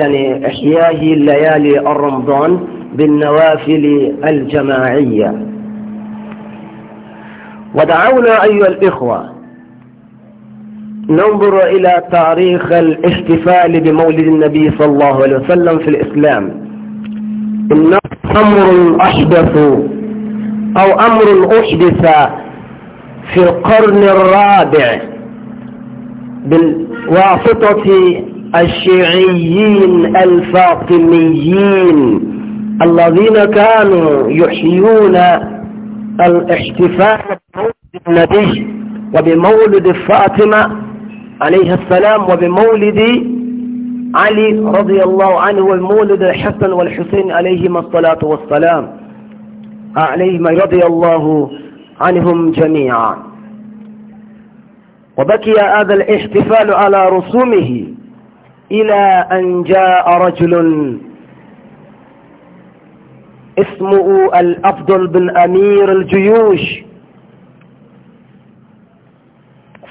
يعني إحياء الليالي الرمضان بالنوافل الجماعية ودعونا أيها الإخوة ننظر إلى تاريخ الاحتفال بمولد النبي صلى الله عليه وسلم في الإسلام إنه أمر أحدث أو أمر أحدث في القرن الرابع بالواسطة الشيعيين الفاطميين الذين كانوا يحيون الاحتفال بمولد النبي وبمولد فاطمة عليه السلام وبمولد علي رضي الله عنه ومولد الحسن والحسين عليهما الصلاة والسلام عليهما رضي الله عنهم جميعا وبكي هذا الاحتفال على رسومه إلى أن جاء رجل اسمه الأفضل بن أمير الجيوش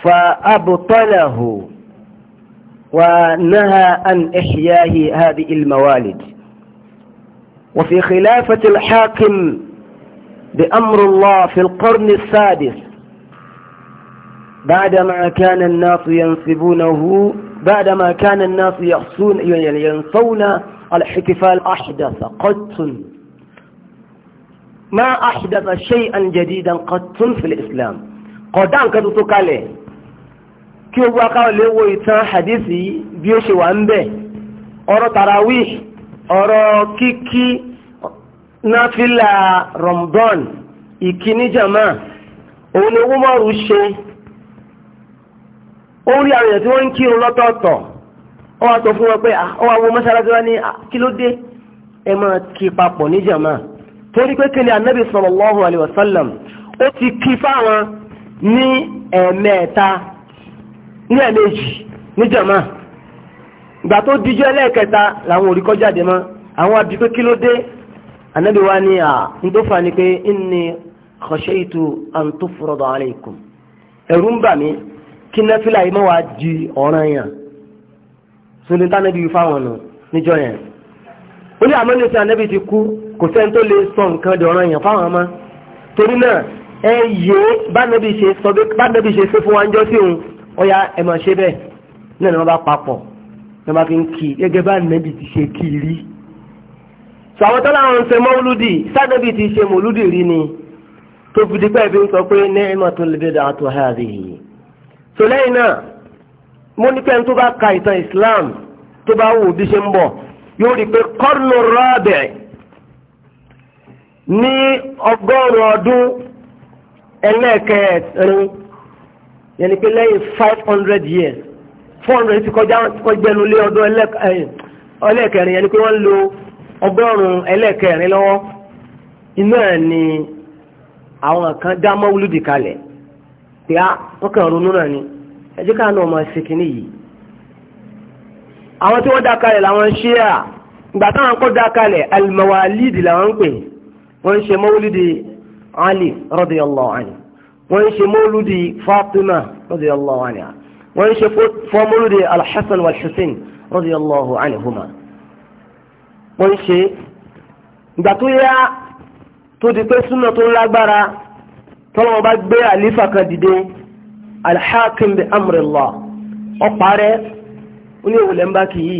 فأبطله ونهى عن إحياء هذه الموالد وفي خلافة الحاكم بأمر الله في القرن السادس بعدما كان الناس ينصبونه بعدما كان الناس يحصون ينصون الاحتفال أحدث قط ما أحدث شيئا جديدا قط في الإسلام قدام كتبتك عليه kí o gbá káwọn lè wo ìtàn hadithi bí ó ṣe wà ń bẹ̀ ọ̀rọ̀ tarawih jama òun ni wọ́n mọ̀rù ṣe ó rí àwọn èèyàn tí wọ́n ń kírun lọ́tọ̀ọ̀tọ̀ ó wá sọ fún wọn pé ó wá wo mọ́ṣáláṣí wá ní kí ló dé ẹ máa kí papọ̀ níjàmá torí pé kí ni anabi sallallahu alayhi wa sallam ó ti kí fáwọn ní ẹ̀ẹ̀mẹ́ta ní ẹ̀ẹ̀mejì níjàmá ìgbà tó díjọ́ ẹlẹ́ẹ̀kẹta làwọn òrí mọ́ àwọn àbí pé kí ló wá ní à ń tó fà ní pé inni khashaytu an tufrada alaykum ẹ̀rù ń bà mí kí nẹ́fílà yìí mọ́wàá di ọ̀ràn yàn sóni tánẹ́bí fáwọn nù níjọ yẹn ó ní àmọ́ nísìnyí ànẹ́bí ti kú kò sẹ́ni tó lè sọ nǹkan di ọ̀ràn yàn fáwọn ọmọ torí náà ẹ yé bánẹ́bí ṣe sọ bí bánẹ́bí ṣe fún wa ń jọ sí òun ọ̀ya ẹ̀ mọ̀ ṣe bẹ́ẹ̀ náà ni wọ́n bá papọ̀ ní wọ́n bá fi ń kí gẹ́gẹ́ bá nẹ́bí ti ṣe kí rí sọ àwọn tó láwọn ń ṣe mọ́lúdì sánẹ́bí ti ṣe mọ́lúdì rí ni tó fi dípẹ́ fi ń sọ pé ní ẹ̀ mọ̀ tó lè dé dàá tó háàdì yìí tó lẹ́yìn náà mo ní kẹ́ni tó bá ka ìtàn Islam tó bá wù bí ṣe ń bọ̀ yóò rí i pé kọ́rùnù rọ́ọ̀bẹ̀ ní ọgọ́rùn-ún ọdún ẹlẹ́ẹ̀kẹrin yẹn ni pé lẹ́yìn five hundred years four hundred ti kọjá kọjẹnu lé ọdún ẹlẹ́ẹ̀kẹrin yẹn ni pé wọ́n lo ọgọ́rùn-ún ẹlẹ́ẹ̀kẹrin lọ́wọ́ inú ẹ̀ ni àwọn kan dá mọ́wúlùdì kalẹ̀ pé á ah, wọ́n kàn ronú náà ni ẹjẹ́ ká náà máa ṣe kìíní yìí àwọn tí wọ́n dá kalẹ̀ làwọn ṣíà ìgbà táwọn kọ́ dá kalẹ̀ alimawalidi làwọn ń pè wọ́n ń ṣe mọ́wúlídì ali radiyallahu anhu wọ́n ń ṣe mọ́wúlídì fatima radiyallahu anha wọ́n ń ṣe fọ́mọ́wúlídì alhassan walhussein radiyallahu anhuma wọ́n ń ṣe ìgbà tó yá tó di pé súnà tó lágbára tọ́lọ́wọ́ bá gbé àlífà kan dìde alhakim bi amrillah ọ̀pàrẹ́ oní ìwòlẹ̀ ń bá kì í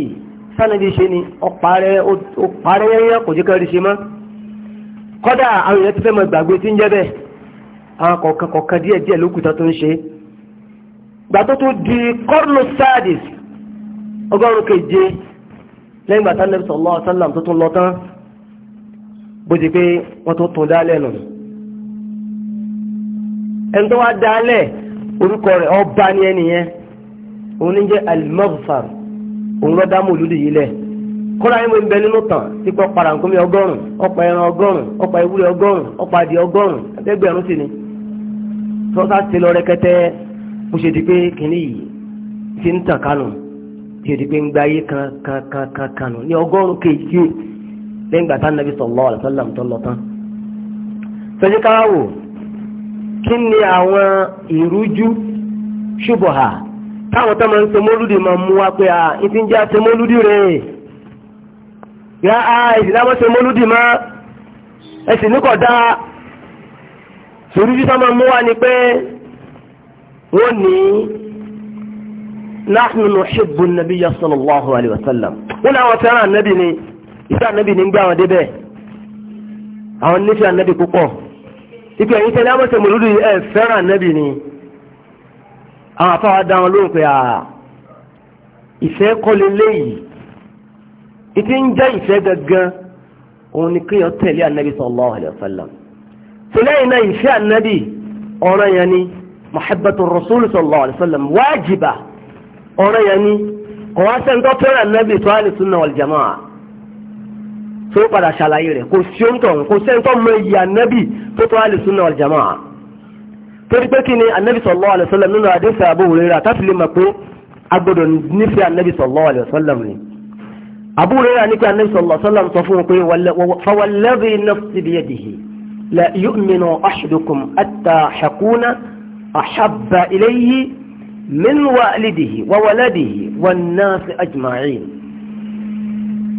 sánàbí ṣe ni ọ̀pàrẹ́ ọ̀pàrẹ́ yẹn kò jẹ́ kẹrì ṣe mọ́ kọ́dà àwọn èèyàn ti fẹ́ mọ ìgbàgbé tí ń jẹ́ bẹ́ẹ̀ àwọn kọ̀ọ̀kan kọ̀ọ̀kan díẹ̀ díẹ̀ lókùtà tó ń ṣe gbà tó tó di kọ́rùnù sáàdìs ọgọ́rùn keje lẹ́yìn gbà tánàbí sallallahu alaihi tó tún lọ tán bó ti pé wọ́n tó tún dá lẹ́nu ẹni tó wá dálẹ̀ orúkọ rẹ̀ ọba ni ẹni yẹn òun ní jẹ́ al-Maghfar òun lọ́ọ́ dámú olùdí yìí lẹ̀ kọ́ra yín mo ń bẹ nínú para ọgọ́rùn ọ̀pá ẹran ọgọ́rùn ọ̀pá ewúrẹ́ ọgọ́rùn ọ̀pá adìẹ ọgọ́rùn sí ni ti lọ rẹ́kẹ́tẹ́ mo ṣe di pé kìnní yìí ti ń tàn ṣe di pé ń gba ayé kan kan kan kan ni ní ọgọ́rùn kejì lẹ́yìn gbàtà nàbí kí ni àwọn ìrújú ṣubuha táwọn tó máa ń ṣe máa mú wa pé a ìsìlámọ́ ṣe mọ́lúdì má ẹ̀sìn ìrújú tó mú wa ni pé wọ́n ní nahnu sallallahu wa sallam wọ́n náà wọ́n fẹ́ràn ànábì ni ìfẹ́ ni ń gbé àwọn débẹ̀ àwọn ipe ẹ̀yin tẹ́lẹ̀ amọ̀tẹ̀ mòlúdù ẹ̀ fẹ́ràn nẹ́bì ni àwọn afáwà dá wọn lóhùn pé à ìfẹ́ kọ́lé léyìí ìtí ń jẹ́ ìfẹ́ gangan òun ni kéèyàn tẹ̀lé ànábì sallallahu alaihi wasallam tẹ̀lẹ́yìn ìfẹ́ ànábì ọ̀rọ̀ yẹn ni muhabbatu rasul sallallahu alaihi wasallam ọ̀rọ̀ yẹn ni kọ̀wá tó padà ṣàlàyé rẹ̀ kò sí oúntọ̀ kò sẹ́ńtọ́ mọ iyì ànábì tó tó ahlu sunna wal jamaa torí pé kí ni ànábì sallallahu alaihi wasallam nínú àdéhùn Abu Hurairah táfi lè mọ̀ pé agbọ́dọ̀ nífẹ̀ẹ́ ànábì sallallahu alaihi wasallam ni Abu Hurairah ní pé ànábì sallallahu alaihi wasallam sọ fún un pé fa walladhi nafsi biyadihi la yu'minu ahadukum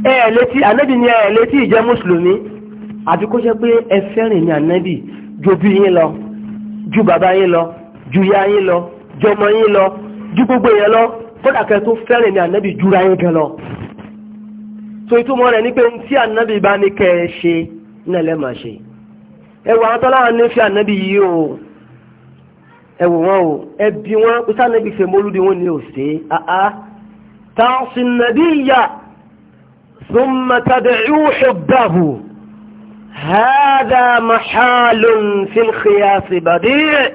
ẹ̀ létí ànábì ni ẹ̀ létí ìjẹ́ mùsùlùmí àti kó jẹ́ pé ẹ fẹ́ràn ní ànábì ju bí yín lọ ju bàbá yín lọ ju ya yín lọ jọmọ yín lọ ju gbogbo yẹn lọ kódà tó fẹ́ràn ní ànábì jura yín gan lọ. so ìtumọ̀ rẹ̀ ni pé tí ànábì bá ní kẹ́ ẹ ṣe náà lẹ́ máa ṣe ẹ wò àwọn tọ́lá ní fi ànábì yìí o ẹ wò wọn o ẹ wọn ó sànábì fẹ́ mọ́lúdi wọn ni ò sí táwọn sì nàbí yà. ثم تدعو حبه هذا محال في الخياس بديع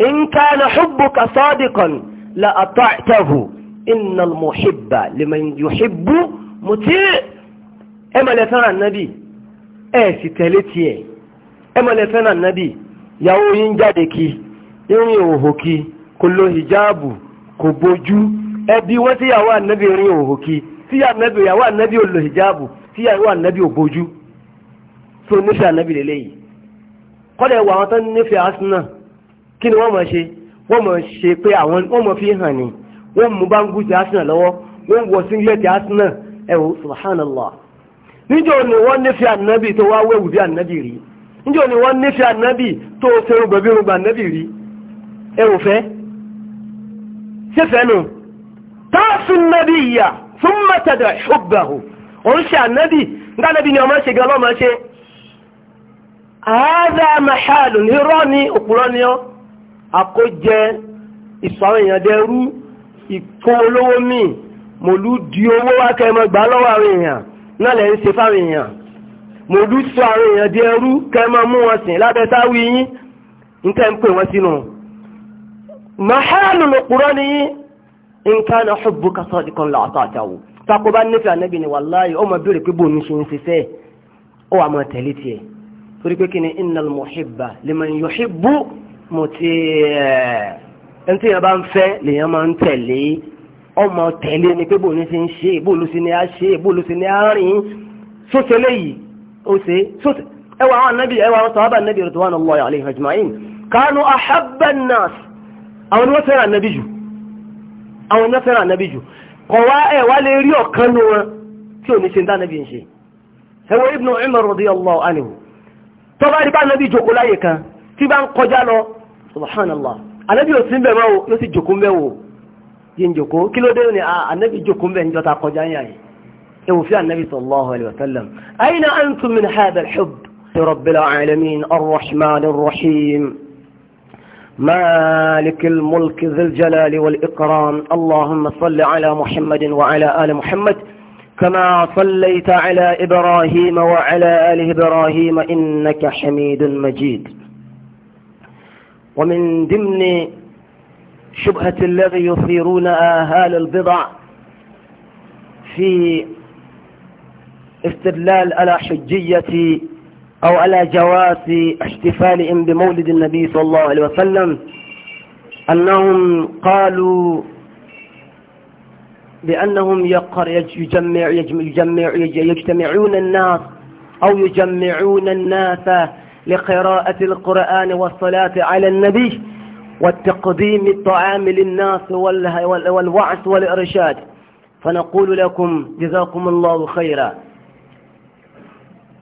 إن كان حبك صادقا لأطعته إن المحب لمن يحب مطيع أما لفنا النبي أسي تلتي أما لفنا النبي يو ينجدك ينيوهك كل هجاب كبوجو أبي وتياوى النبي ينيوهك tí ànábì ìyàwó ànábì ò lò hijabu tí ìyàwó ànábì ò tó nífẹ̀ẹ́ ànábì lélẹ́yìí kọ́dẹ̀ wà àwọn tó nífẹ̀ẹ́ Arsenal kí ni wọ́n mọ̀ ṣe wọ́n mọ̀ ṣe pé àwọn wọ́n mọ̀ fi hàn ní wọ́n mú báńgú ti Arsenal lọ́wọ́ wọ́n wọ singlet Arsenal ẹ̀wọ̀ subhanallah níjọ́ ni wọ́n nífẹ̀ẹ́ ànábì tó wá wẹ̀wù bí ànábì rí níjọ́ ni wọ́n nífẹ̀ẹ́ ànábì tó ṣerú rúgbà ànábì rí ẹ̀wọ̀ fẹ́ nù nábì yìí ثم تدع حبه ورشع النبي قال نبي يوم ماشي قال ماشي هذا محال هراني أقراني أقجى إصاري يدارو ìkólówó míì mòlúdi owó wákẹ́ mọ́ gbà lọ́wọ́ àwọn èèyàn náà lẹ́ ń ṣe fáwọn èèyàn mòlú sọ àwọn èèyàn di ẹrú kẹmọ mú wọn sìn lábẹ́ sáwí yín ń tẹ́ ń pè wọ́n sínú mahalu lòpùrọ́ ni yín in kana hubbuka sadiqan la ata'tahu tako bá nífẹ̀ẹ́ ànábì ni wàláyé ó máa béèrè pé bò ní ṣe ń ṣiṣẹ́ ó wà máa tẹ̀lé tiẹ̀ torí pé kí ni innal muhibba liman yuhibbu mutii eh, ẹni tí yẹn bá ń fẹ́ lèyàn máa ń tẹ̀lé ó máa tẹ̀lé ni pé bò ní ṣe ń ṣe bò ló ṣe ni á ṣe bò ló ṣe ni á rìn sóṣe léyìí ó ṣe sóṣe ẹwà àwọn ànábì ẹwà àwọn sàhábà radwanullahi alayhim ajma'in kanu ahabban nas àwọn ni wọ́n fẹ́ràn ànábì àwọn náà fẹ́ràn ànábì jù kọ̀ wá ẹ̀ wá lè rí ọ̀kan nu wọn tí ò ní ṣe ń dánábì ń ṣe ẹwọ Ibn Umar radiyallahu anhu tó bá rí bá ànábì jòkó láyè kan tí bá ń kọjá lọ subhanallah ànábì ò sí ń bẹ̀ mọ́ o yóò sì jòkó ń bẹ̀ wò yín jòkó مالك الملك ذي الجلال والإكرام اللهم صل على محمد وعلى آل محمد كما صليت على إبراهيم وعلى آل إبراهيم إنك حميد مجيد ومن ضمن شبهة الذي يثيرون أهال البضع في استدلال على حجية أو على جواز احتفالهم بمولد النبي صلى الله عليه وسلم أنهم قالوا بأنهم يقر يجمع, يجمع, يجمع يجتمعون الناس أو يجمعون الناس لقراءة القرآن والصلاة على النبي والتقديم الطعام للناس والوعث والإرشاد فنقول لكم جزاكم الله خيرا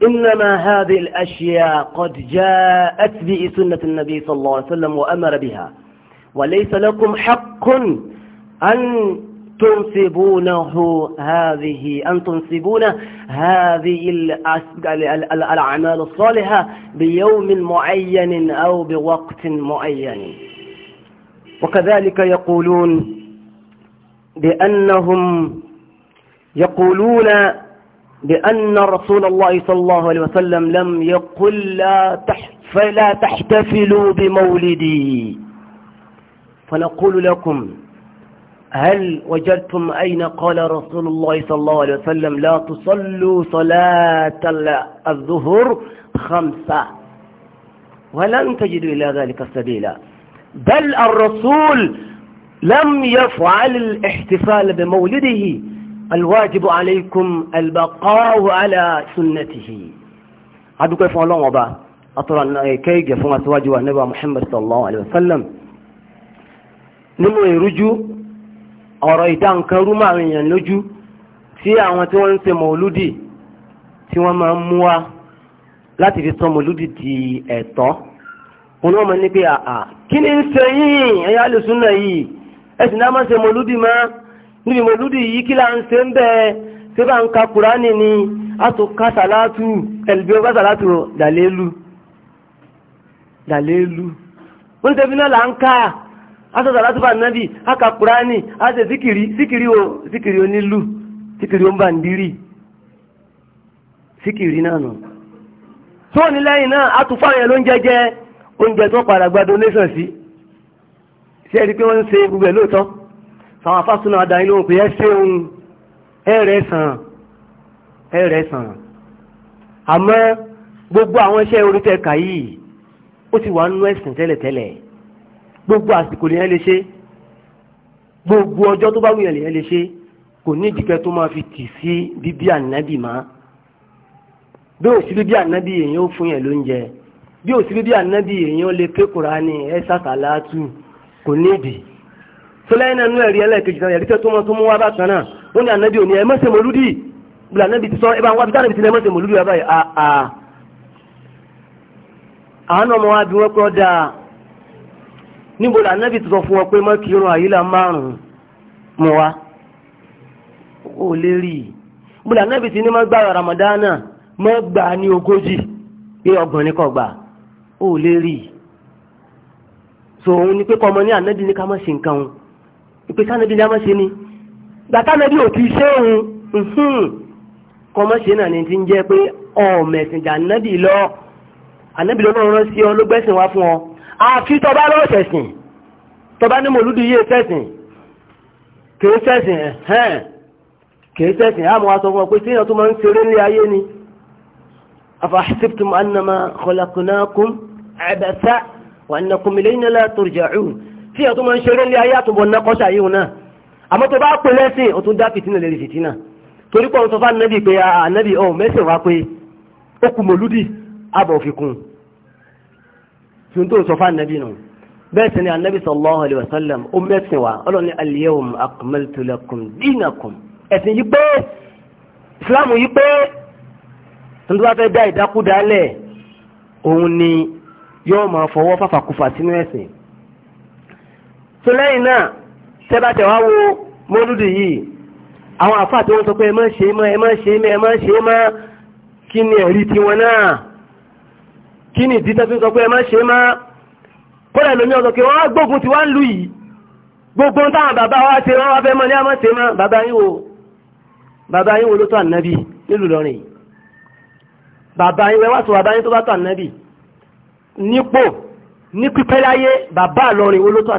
إنما هذه الأشياء قد جاءت بسنة النبي صلى الله عليه وسلم وأمر بها وليس لكم حق أن تنسبونه هذه أن تنسبون هذه الأعمال الصالحة بيوم معين أو بوقت معين وكذلك يقولون بأنهم يقولون بأن رسول الله صلى الله عليه وسلم لم يقل لا فلا تحتفلوا بمولدي فنقول لكم هل وجدتم أين قال رسول الله صلى الله عليه وسلم لا تصلوا صلاة الظهر خمسة ولن تجدوا إلى ذلك سبيلا بل الرسول لم يفعل الاحتفال بمولده alwájibu aleikum albaqawu ala sunnatihi adúgbò fún ọlọ́wọ́n ọba atọ́ra kéèké fún aṣíwájú wa níbà muhammad sallallahu alayhi wa sallam nínú ìrújú ọ̀rọ̀ ìdánkarú máa ń yàn lójú tí àwọn tí wọ́n ń ṣe mọ̀lúdì tí wọ́n máa ń mú wa láti fi sọ mọ̀lúdì di ẹ̀tọ́ wọn wọ́n máa ní pé àà kí ni ń ṣe yín ẹ̀yà alùsùn náà yìí ẹ̀sìn náà máa níbi mọ̀lúdì yìí kí là ń ṣe ń bẹ́ẹ̀ ṣé bá ń ka kùránì ni a tó ká sàlátù ẹ̀lùbẹ́ ọgbà sàlátù dàlélu dàlélu ó ní tẹ́bí náà là ń ká a tó sàlátù bá nábì a ka kùránì a ṣe síkìrì síkìrì o síkìrì onílù síkìrì ó ń bà ń dírì síkìrì náà nù tó ní lẹ́yìn náà a tún fáwọn ló ń jẹ́jẹ́ oúnjẹ tó padà gba donation sí ṣe é pé wọ́n ń ṣe gbogbo ẹ̀ lóòótọ́ àwọn afásúná adáyín ló ń pè ẹ́ ṣeun ẹ̀rẹ̀ sàn ẹ̀rẹ̀ sàn àmọ́ gbogbo àwọn iṣẹ́ orí tẹ̀ka yìí ó ti wà nínú ẹ̀sìn tẹ́lẹ̀tẹ́lẹ̀ gbogbo àsìkò lèyàn lè ṣe gbogbo ọjọ́ tó bá wùyàn lèyàn lè ṣe kò ní ìdíkẹ́ tó máa fi tì sí bíbí ànábì máa bí ò bíbí ànábì èèyàn ó fún yẹn lóúnjẹ bí ò bíbí ànábì èèyàn lè ké Kùránì ẹ sàkàlà tù kò ní ìdí sọlẹ́yìn náà nú ẹ̀rí ẹlẹ́ẹ̀kejì náà ẹ̀rí tẹ́ tó mọ́ tó mú wá bá kan náà ó ní ànábì òní ẹ má ṣe mọ́lúdì bùlà ànábì ti sọ ẹ bá wá bí dánábì ti ní ẹ má ṣe mọ́lúdì wá báyìí àà àwọn ọmọ wa bí wọ́n kọ́ dáa níbo là ànábì ti sọ fún wọn pé má kí irun àyílà márùn-ún mọ́ wa ó lè rí i bùlà ànábì ti ní má gbà ramadana má gbà ní ogójì pé ọgbọ̀n so òun ni pé kọ́ ọmọ ní ànábì ní ká má ṣe nǹkan òun ìpè sánẹ́bí dámọ́ ṣe ni gbàtánẹ́bí ò ti ṣe òun kọmọ́ṣe náà ni ti ń jẹ́ pé ọ̀mẹ̀sìnjà ànábì lọ ànábì lọ náà rán sí ọ ló gbẹ́sìn wá fún ọ àfi tọba lọ́wọ́ sẹ̀sìn tọba ní mòlúdù yé sẹ̀sìn kìí sẹ̀sìn ẹ̀hẹ́n kìí sẹ̀sìn àmọ́ wa sọ fún ọ pé tíyàn tó máa ń ṣeré ní ayé ni afahasibtum annama khalaqnakum abasa wa annakum ilayna la turja'un tí ẹ̀ tó máa ń ṣeré ní ayé àtúbọ̀ ná kọ́ṣà yìí náà àmọ́ tó bá pè lẹ́sìn ó tún dá fìtínà lè rí fìtínà torí pọ̀ sọ fún anábì pé anábì ah, ọ̀hún mẹ́sìn wá pé ó kù mọ̀lúdì àbọ̀ òfikún tí ó sọ fún anábì nù bẹ́ẹ̀ sì ni anábì sallallahu alaihi wasallam ó mẹ́sìn wá ọlọ́ni al-yawma akmaltu lakum dinakum ẹ̀sìn yìí pé ìsìláàmù yìí pé tó ń tó bá fẹ́ dá ìdákúdálẹ̀ òun ni yóò máa fọwọ́ fàfàkùfà sínú ẹ̀sìn tó lẹ́yìn náà tẹ́bàtẹ̀ wá wo mọ́lúdì yìí àwọn àfáà tó ń sọ pé ẹ má ṣe mọ́ ẹ má ṣe mọ́ ẹ má ṣe mọ́ kí ni ẹ̀rí tiwọn náà kí ni ìdí tó fi sọ pé ẹ ṣe mọ́ kódà lómi ọ̀sọ̀ wọ́n gbógun ti wá ń lù yìí gbogbo táwọn bàbá wa ṣe wọ́n wá fẹ́ mọ́ ní àmọ́ ṣe mọ́ bàbá yín wo bàbá yín wo ló tó ànábì nílùú lọ́rin yìí bàbá yín wá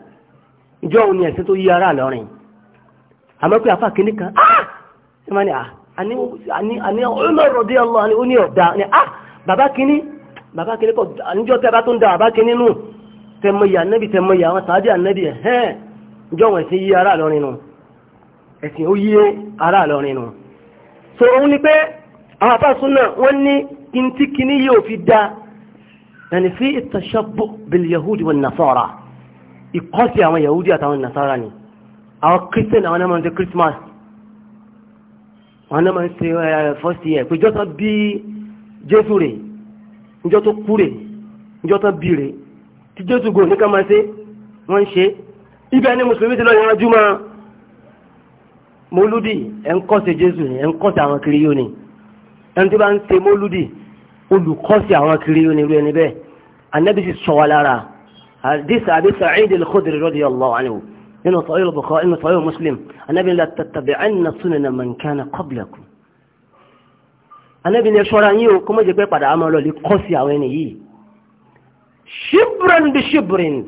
ìjọ òun ni ẹ̀sìn tó yí ara lọ́rin àmọ́ pé afá kìíní kan ah ṣe máa ní ah! àní ọmọ rọ̀dí ọlọ́ àní ó ní ọ̀dá ní ah bàbá kìíní bàbá kìíní kọ̀ àníjọ́ tẹ́ bá tó ń da bàbá kìíní nù tẹmọyà ànẹ́bì tẹmọyà àwọn tàbí ànẹ́bì ẹ̀hẹ́n ìjọ òun ẹ̀sìn yí ara lọ́rin nù ẹ̀sìn ó yí ara lọ́rin nù so òun ni pé àwọn afá súnà wọ́n ní kìíní kìíní yóò fi da ẹni fi ìtàṣàbọ̀ bil yahudi wan nasara ìkọ́sí àwọn yahudi àtàwọn nasara ni àwọn christian àwọn náà ń ṣe christmas àwọn náà ń ṣe first year pé jọ́tọ̀ bí jésù rè njọ́ kú rè njọ́ bí rè tí jésù gò ní ká máa ṣe wọ́n ń ṣe ibẹ̀ ni mùsùlùmí ti lọ yanjú máa mólúdì ẹ̀ ń kọ́sí jésù ni ẹ̀ ń kọ́sí àwọn kiri yóò ni ẹni tí bá ń ṣe mólúdì olùkọ́sí àwọn kiri yóò ni irú ẹni bẹ́ẹ̀ ànábì sì sọ wa lára. حديث أبي سعيد الخدري رضي الله عنه إنه صحيح البخاري إنه صحيح مسلم النبي لا تتبعن سنن من كان قبلكم النبي يشورا يو كما جبه قد عملوا لقصي عويني شبرا بشبر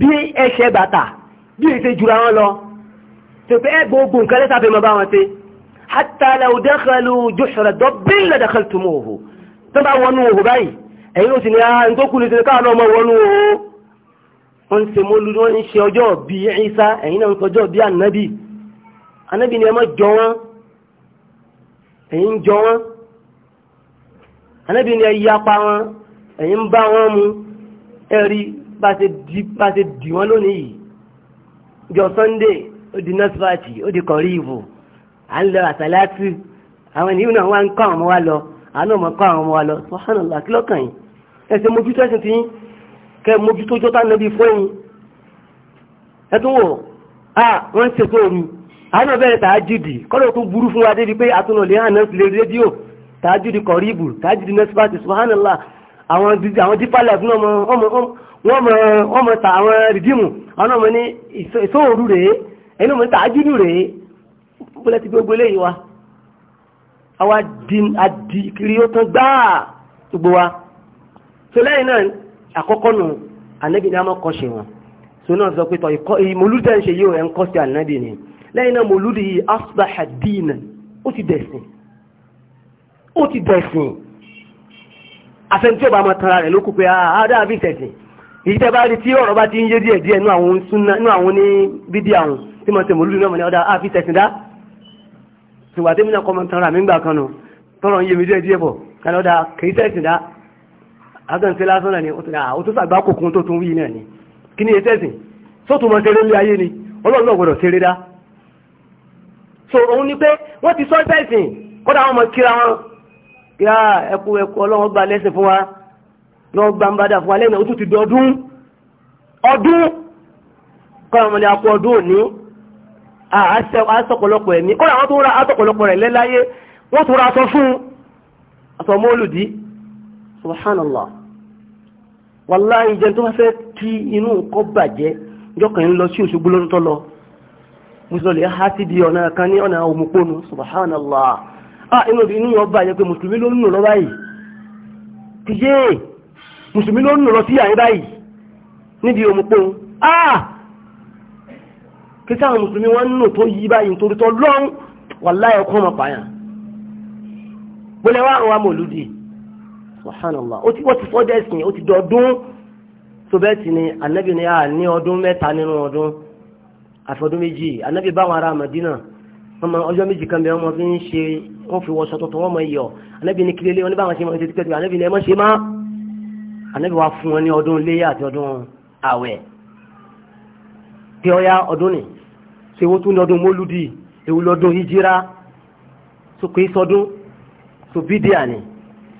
bí ẹ̀ṣẹ̀ bàtà bí ìṣe jùra wọn lọ tó pé ẹgbò ogun kan lẹ́ta fi mọ bá wọn sí hatta law dakhalu juhra dabbin la dakhaltumuhu tó bá wọnú òhù báyìí ẹ̀yìn ó sì ní àà tó kú ní sí káà lọ́mọ wọnú òhù wọ́n ń ṣe mọ́lúdú wọ́n ń ṣe ọjọ́ bí Ìsá ẹ̀yin náà ń sọjọ́ bí ànábì ànábì ni ẹ má jọ wọ́n ẹ̀yin ń jọ wọ́n ànábì ni ẹ yapa wọn ẹ̀yin ń bá wọn mu ẹ̀rí bá ṣe dì wọ́n lónìí yìí jọ Sunday ó di nọ́sífàtì ó di kọ̀ríìvù à ń lọ àṣàlátì àwọn ènìyàn náà wá ń kọ́ àwọn ọmọ wa lọ àwọn náà kọ́ àwọn ọmọ wa lọ sọ́hánà làkìlọ́kàn yìí ẹ̀sẹ̀ mojú tẹ́sán ti yín kẹ mójútó jọta níbi fóun ẹtún wò á wọn ń ṣètò òru àwọn ọbẹ̀rẹ̀ tàájìdì kọ́lọ̀ tó burú fún wa débi pé àtúnlọ̀lẹ́ hàn náà sílé rédíò tàájìdì kọ̀ríbù tàájìdì nẹ́sípàtì subhanallah àwọn dípàlẹ̀ fún ọmọ ọmọ ta àwọn rìdíìmù àwọn ọmọ ní ìṣòòrù rèé ẹni ọmọ tàájìdì rèé bọ́lẹ̀ ti gbogbo eléyìí wa àwa adìkiri ó tán gbáà gbogbo wa so lẹ́yìn náà àkọ́kọ́ nù ànábì ní a máa kọ́ṣe wọn tó náà sọ pé tọ́ mòlúdà ń ṣe yóò ẹ̀ ń kọ́ sí ànábì ni lẹ́yìn náà mòlúdì yìí asbaha dina ó ti dẹ̀sìn ó ti dẹ̀sìn afẹ́ntí ọba máa tanra rẹ̀ ló kú pé àádọ́ àbí ìtẹ̀sìn èyí tẹ́ bá rí tí ọ̀rọ̀ bá ti ń yé díẹ̀ díẹ̀ nú àwọn súnà nú àwọn ní bídí àwọn tí mo ṣe mòlúdì náà mo ní ọ̀dà oh, àfi ah, ìtẹ̀sìn dá ṣùgbọ́n àtẹ́mínà kọ́ mọ́ tanra mi ń gbà kan nù tọ́rọ̀ ń yé mi díẹ̀ díẹ̀ bọ̀ kan ọ̀dà oh, kì í tẹ̀sìn dá agànṣe lásán náà ni ó tó ah, sàgbá kòkun tó tún wí náà ni kí ni ẹsẹ̀sìn tó tún mọ́ kéré lé ayé ni ọlọ́run gbọ́dọ̀ ṣeré dá so òun ni pé wọ́n ti sọ́ọ́ sẹ́sìn kódà wọn mọ kíra wọn kíra ah, ẹkú ẹkú ọlọ́run gba lẹ́sìn fún wa lọ́wọ́ gba ń bá dà fún wa lẹ́yìn náà ó tún ti di ọdún ọdún kọ́ ọmọdé akọ ọdún òní àásọ̀pọ̀lọpọ̀ ẹ̀mí kódà wọn tún ra àásọ̀pọ̀lọpọ̀ rẹ̀ lẹ́láyé ra aṣọ fún aṣọ subhanallah wàláhì ìjẹun tó bá fẹ́ kí inú nǹkan bàjẹ́ jọkàn ń lọ sí Òṣogbo lọ́dún tó lọ mùsùlùmí ha ti di ọ̀nà kan ní ọ̀nà òmùpónú subhanallah ah inú bí inú yọba yẹ pé mùsùlùmí ló ń nù lọ báyìí ti yé mùsùlùmí ló àwọn ah! amòlùdì subhanallah ó ti wọ́n ti fọ́jọ́ ẹ̀sìn ó ti dọ̀ọ́dún tó bẹ́ẹ̀ sì ni anabi ni a ní ọdún mẹ́ta nínú ọdún àfọdún méjì anabi báwọn ará Madina wọ́n máa ọjọ́ méjì kan bẹ́ẹ̀ wọ́n máa fi ń ṣe wọ́n fi wọṣọ tuntun wọ́n máa yọ anabi ní kílélé wọn ní báwọn ṣe máa ń ṣe tipẹ́ anabi ní ẹ má ṣe má anabi wa fún wọn ní ọdún léyà àti ọdún àwẹ̀ pé ọya ọdún ni ṣe wọ́n tún ní ọdún mólúdì èwo hijira so kò í sọdún so bídíà ni.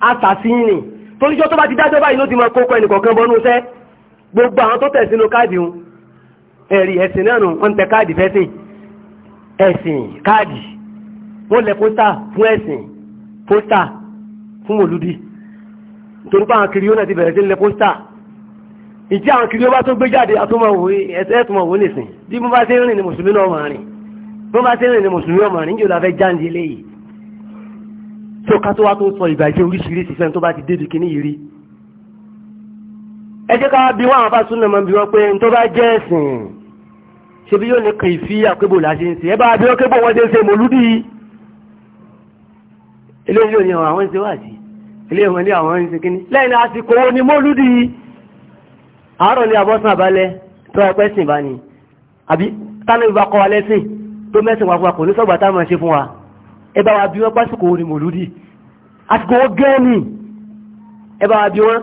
assassin ni toríjọ́ tó bá ti dájọ́ báyìí ló ti máa kókó ẹnìkọ̀ọ̀kan bọ́nú iṣẹ́ gbogbo àwọn tó tẹ̀ sínú káàdì hun ẹ̀rí ẹ̀sìn náà nù wọ́n tẹ káàdì fẹ́sìn ẹ̀sìn káàdì wọ́n lẹ pósítà fún ẹ̀sìn pósítà fún mòlúdì torí pé àwọn kiri yóò náà ti bẹ̀rẹ̀ sí lẹ pósítà ìtí àwọn kiri yóò bá tó gbé jáde tó ká tó wá tó sọ ìbàjẹ́ oríṣiríṣi fẹ́ni tó bá ti débi kíní yìí rí ẹ jẹ́ ká bí wọ́n àwọn bá súnmọ́ mọ́ bí wọ́n pé tó bá jẹ́ ẹ̀sìn ṣe bí yóò ní kàn fi àkébò láti ń ṣe ẹ bá bí wọ́n kébò wọ́n ṣe ń ṣe mòlúdì eléyìí ò àwọn ń ṣe wáàsí eléyìí wọn ní àwọn ń ṣe kíní lẹ́yìn àsìkò wo ni mòlúdì àárọ̀ ní abọ́sán àbálẹ̀ tó ẹpẹ́ sìn bá ní àbí tánà ìbá kọ́ wa lẹ́sìn tó mẹ́sìn wà fún wa kò ní sọ́gbà táwọn ṣe fún wa ẹ bá wa bí wọ́n pásìkò orin mòlúdì àsìkò wọn gẹ́ẹ̀nì ẹ bá wa bí wọ́n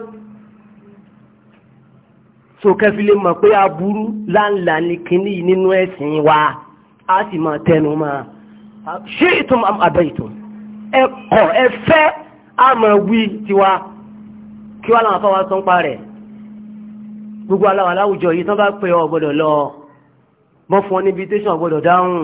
so kẹfì lè mọ̀ pé aburú láńlá ni kínní yìí nínú ẹ̀sìn wa a sì máa tẹnu máa ṣé ìtum àbẹ̀ ìtum ẹ kọ̀ ẹ fẹ́ àmọ̀ wí tiwa kí wọ́n làwọn afọwọ́ sọ́n rẹ̀ gbogbo aláwọ̀ aláwùjọ yìí tán bá pè ọ́ gbọ́dọ̀ lọ mọ́ fún ọ níbi tẹ́sán ọ̀gbọ́dọ̀ dáhùn.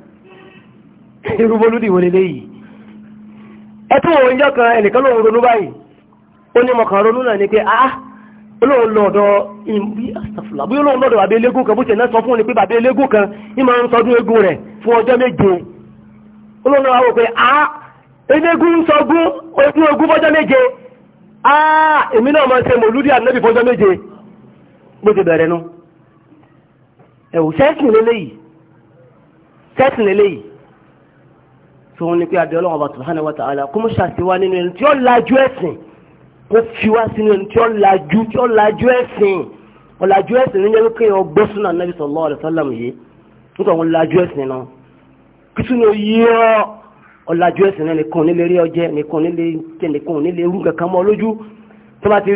e bólúdì wo lélẹ́ yìí ẹ tún wọ ìjọ kan ẹnìkan lòun ronú báyìí ó ní mọ̀kàn ronú náà ni pé ah olóhùn lọ́dọ̀ ìbí àṣàfùlà bí olóhùn lọ́dọ̀ bàbá eléégún kan sọ fún ni pé bàbá eléégún kan ní máa ń sọdún eégún rẹ̀ fún ọjọ́ méje olóhùn náà wá pé ah eléégún sọgún ogún ogún fọjọ́ méje tó ń ní pé adé ọlọ́run ọba subhanahu wa ta'ala kó mú ṣàṣìwá nínú ẹni tí ó lajú ẹ̀sìn kó fi wá sínú ẹni tí ó lajú tí ó lajú ẹ̀sìn ọ̀làjú ẹ̀sìn níjẹ́ wípé ọgbẹ́ súnà nàbì sallallahu alaihi wasallam yìí nítorí àwọn ọ̀làjú ẹ̀sìn náà kìtù ní oyè ọ ọ̀làjú ẹ̀sìn náà nìkan nílé rí ọjẹ́ nìkan nílé jẹ́ nìkan nílé irú kankan mọ́ lójú tó bá ti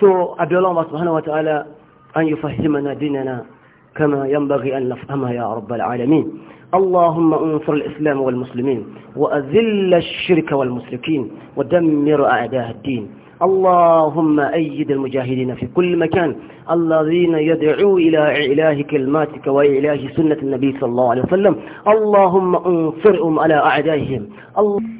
so abiola wa subhanahu wa ta'ala an yufahimana dinana كما ينبغي أن نفهمها يا رب العالمين اللهم انصر الإسلام والمسلمين وأذل الشرك والمشركين ودمر أعداء الدين اللهم أيد المجاهدين في كل مكان الذين يدعوا إلى إله كلماتك وإعلاه سنة النبي صلى الله عليه وسلم اللهم انصرهم على أعدائهم الله